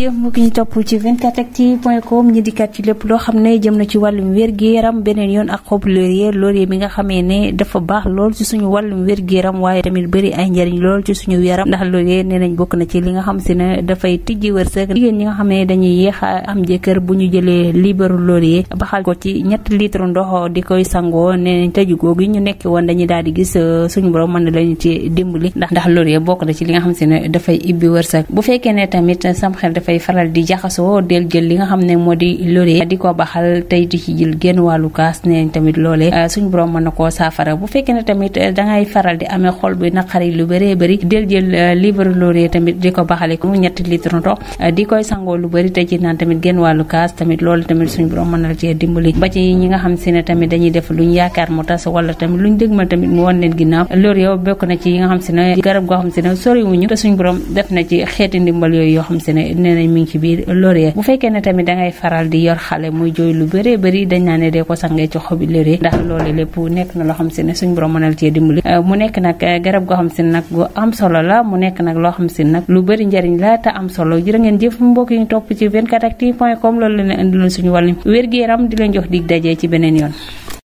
jërëjëf mbokk ñu topp ci loo xam ne jëm na ci wàllum wér-gu-yaram beneen yoon ak xob laurier laurier bi nga xamee ne dafa baax lool ci suñu wàllum wér-gu-yaram waaye tamit bëri ay njariñ lool ci suñu yaram ndax laurier nee nañ bokk na ci li nga xam si ne dafay tijji wërsëg jigéen ñi nga xam ne dañuy yéex a am jëkkër bu ñu jëlee liibaru laurier baxal ko ci ñett litre ndox di koy sangoo ne nañ tëju googu ñu nekk woon dañuy daal di gis euh, suñu borom mën na lañu ci dimbali ndax ndax laurier bokk na ci li nga xam si ne dafay ibbi wërsëg bu fekkee ne tamit sam xel dafay dafay faral di jaxasoo del jël li nga xam ne moo di loree di ko baxal tey di ci jël génn wàllu kaas neen tamit loolee ah, na koo saafara bu fekkee ne tamit eh, dangay faral eh, di ko baxale ko ñetti litre ndox eh, di koy sangoo lu bëri te ci naan tamit génn wàllu kaas tamit loolu tamit suñu borom mën na la cee ba ci ñi nga xam si ne tamit dañuy def luñ yaakaar mu tas wala tamit luñ dëgmal tamit mu wan leen ginnaaw loolu yow bokk na ci yi nga xam si ne garab goo xam si ne soriwuñu te suñu borom def na ci xeeti ndimbal yooyu yoo xam si ne ne mi ngi ci biir laurier bu fekkee ne tamit dangay faral di yor xale muy jooy lu bëree bëri dañ naa ne dee ko sangee ci xobi laurier ndax loolu lépp nekk na loo xam si ne suñ borom mënal cee dimbali euh, mu nekk nag euh, garab goo xam si ne nag gu am solo la mu nekk nag loo xam si ne nag lu bari njariñ la te am solo jërë ngeen jëf mbokk yi ñu topp ci 24actu point com loolu la leen indiloon suñu wàllum wér-gu-yaram di leen jox dig dajee ci beneen yoon